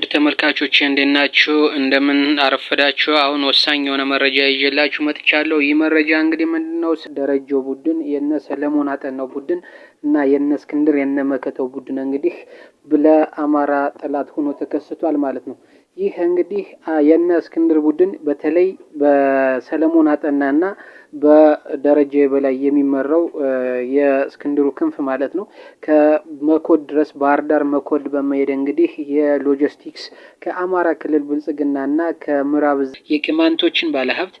ውድ ተመልካቾች እንዴት ናችሁ? እንደምን አረፈዳችሁ? አሁን ወሳኝ የሆነ መረጃ ይዤላችሁ መጥቻለሁ። ይህ መረጃ እንግዲህ ምንድነው? ደረጀው ቡድን የነ ሰለሞን አጠናው ቡድን እና የነ እስክንድር የነ መከተው ቡድን እንግዲህ ለአማራ ጠላት ሆኖ ተከስቷል ማለት ነው። ይህ እንግዲህ የነ እስክንድር ቡድን በተለይ በሰለሞን አጠናና በደረጃ በላይ የሚመራው የእስክንድሩ ክንፍ ማለት ነው ከመኮድ ድረስ ባህር ዳር መኮድ በመሄድ እንግዲህ የሎጂስቲክስ ከአማራ ክልል ብልጽግናና ከምዕራብ የቅማንቶችን ባለሀብት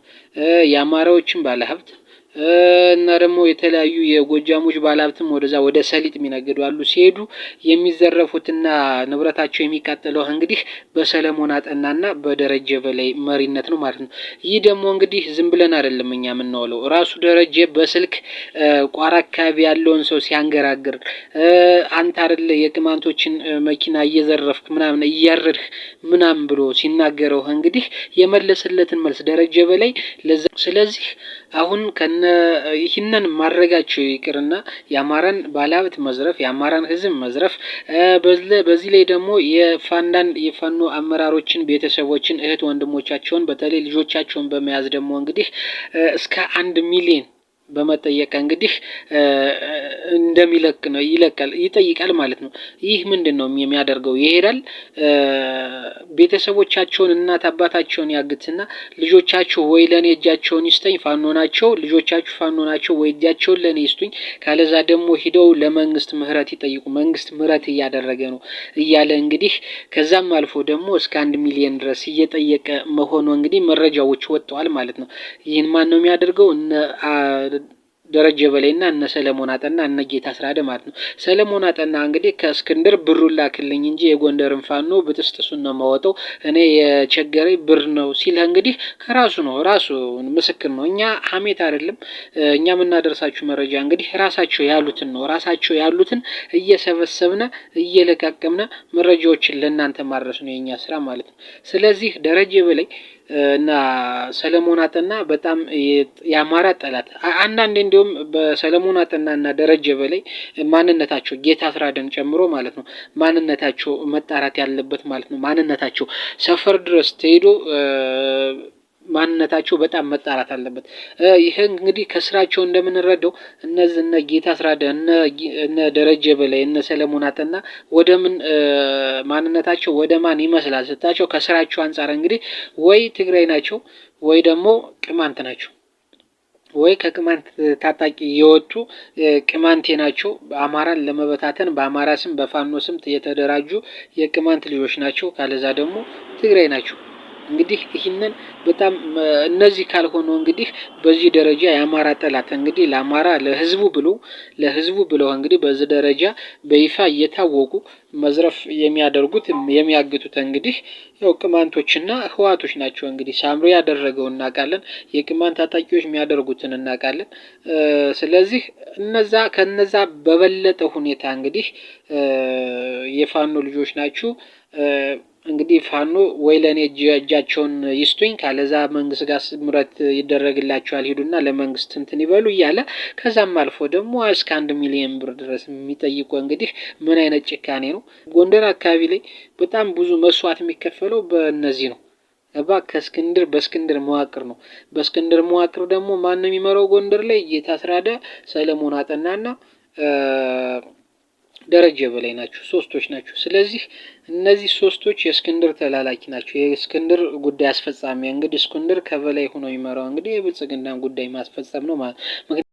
የአማራዎችን ባለሀብት እና ደግሞ የተለያዩ የጎጃሞች ባለሀብትም ወደዛ ወደ ሰሊጥ የሚነግዱ አሉ። ሲሄዱ የሚዘረፉትና ንብረታቸው የሚቃጠለው እንግዲህ በሰለሞን አጠናና በደረጀ በላይ መሪነት ነው ማለት ነው። ይህ ደግሞ እንግዲህ ዝም ብለን አይደለም እኛ የምናውለው። ራሱ ደረጀ በስልክ ቋራ አካባቢ ያለውን ሰው ሲያንገራግር አንተ አይደለ የቅማንቶችን መኪና እየዘረፍክ ምናምን እያረድህ ምናምን ብሎ ሲናገረው እንግዲህ የመለሰለትን መልስ ደረጀ በላይ ለዛ ስለዚህ አሁን ከነ ይህንን ማድረጋቸው ይቅርና የአማራን ባለሀብት መዝረፍ፣ የአማራን ህዝብ መዝረፍ፣ በዚህ ላይ ደግሞ የፋንዳን የፋኖ አመራሮችን ቤተሰቦችን፣ እህት ወንድሞቻቸውን በተለይ ልጆቻቸውን በመያዝ ደግሞ እንግዲህ እስከ አንድ ሚሊዮን በመጠየቅ እንግዲህ እንደሚለቅ ነው ይለቃል ይጠይቃል ማለት ነው። ይህ ምንድን ነው የሚያደርገው? ይሄዳል ቤተሰቦቻቸውን እናት አባታቸውን ያግትና ልጆቻችሁ ወይ ለእኔ እጃቸውን ይስጠኝ ፋኖ ናቸው፣ ልጆቻችሁ ፋኖ ናቸው፣ ወይ እጃቸውን ለእኔ ይስጡኝ፣ ካለዛ ደግሞ ሂደው ለመንግስት ምህረት ይጠይቁ፣ መንግስት ምህረት እያደረገ ነው እያለ እንግዲህ ከዛም አልፎ ደግሞ እስከ አንድ ሚሊዮን ድረስ እየጠየቀ መሆኑ እንግዲህ መረጃዎች ወጥተዋል ማለት ነው። ይህን ማን ነው የሚያደርገው? ደረጀ በላይና እነ ሰለሞን አጠና እነ ጌታ ስራደ ማለት ነው። ሰለሞን አጠና እንግዲህ ከእስክንድር ብሩን ላክልኝ እንጂ የጎንደርን ፋኖ ብጥስጥሱን ነው የማወጣው እኔ የቸገረኝ ብር ነው ሲል እንግዲህ ከራሱ ነው ራሱ ምስክር ነው። እኛ ሀሜት አይደለም እኛ የምናደርሳችሁ መረጃ እንግዲህ ራሳቸው ያሉትን ነው ራሳቸው ያሉትን እየሰበሰብነ እየለቃቀምነ መረጃዎችን ለእናንተ ማድረስ ነው የእኛ ስራ ማለት ነው። ስለዚህ ደረጀ በላይ እና ሰለሞን አጠና በጣም የአማራ ጠላት። አንዳንዴ እንዲሁም በሰለሞን አጠና እና ደረጀ በላይ ማንነታቸው ጌታ ስራደን ጨምሮ ማለት ነው ማንነታቸው መጣራት ያለበት ማለት ነው። ማንነታቸው ሰፈር ድረስ ተሄዶ ማንነታቸው በጣም መጣራት አለበት። ይህ እንግዲህ ከስራቸው እንደምንረዳው እነዚህ እነ ጌታ ስራደ እነ ደረጀ በላይ እነ ሰለሞን አጠና ወደ ምን ማንነታቸው ወደ ማን ይመስላል ስታቸው ከስራቸው አንጻር እንግዲህ ወይ ትግራይ ናቸው ወይ ደግሞ ቅማንት ናቸው ወይ ከቅማንት ታጣቂ የወጡ ቅማንቴ ናቸው። አማራን ለመበታተን በአማራ ስም በፋኖ ስም የተደራጁ የቅማንት ልጆች ናቸው። ካለዛ ደግሞ ትግራይ ናቸው። እንግዲህ ይህንን በጣም እነዚህ ካልሆኑ እንግዲህ በዚህ ደረጃ የአማራ ጠላት እንግዲህ ለአማራ ለህዝቡ ብሎ ለህዝቡ ብለው እንግዲህ በዚህ ደረጃ በይፋ እየታወቁ መዝረፍ የሚያደርጉት የሚያግቱት እንግዲህ ያው ቅማንቶችና ህዋቶች ናቸው። እንግዲህ ሳምሪ ያደረገው እናውቃለን። የቅማንት ታጣቂዎች የሚያደርጉትን እናውቃለን። ስለዚህ እነዛ ከነዛ በበለጠ ሁኔታ እንግዲህ የፋኖ ልጆች ናችሁ። እንግዲህ ፋኖ ወይ ለእኔ እጃቸውን ይስጡኝ፣ ካለዛ መንግስት ጋር ስምረት ይደረግላቸዋል፣ ሂዱና ለመንግስት እንትን ይበሉ እያለ ከዛም አልፎ ደግሞ እስከ አንድ ሚሊዮን ብር ድረስ የሚጠይቁ እንግዲህ ምን አይነት ጭካኔ ነው? ጎንደር አካባቢ ላይ በጣም ብዙ መስዋዕት የሚከፈለው በእነዚህ ነው። እባ ከእስክንድር በእስክንድር መዋቅር ነው። በእስክንድር መዋቅር ደግሞ ማን ነው የሚመራው? ጎንደር ላይ እየታስራደ ሰለሞን አጠናና ደረጀ በላይ ናቸው። ሶስቶች ናቸው። ስለዚህ እነዚህ ሶስቶች የእስክንድር ተላላኪ ናቸው። የእስክንድር ጉዳይ አስፈጻሚ እንግዲህ እስክንድር ከበላይ ሆኖ የሚመራው እንግዲህ የብልጽግናን ጉዳይ ማስፈጸም ነው ማለት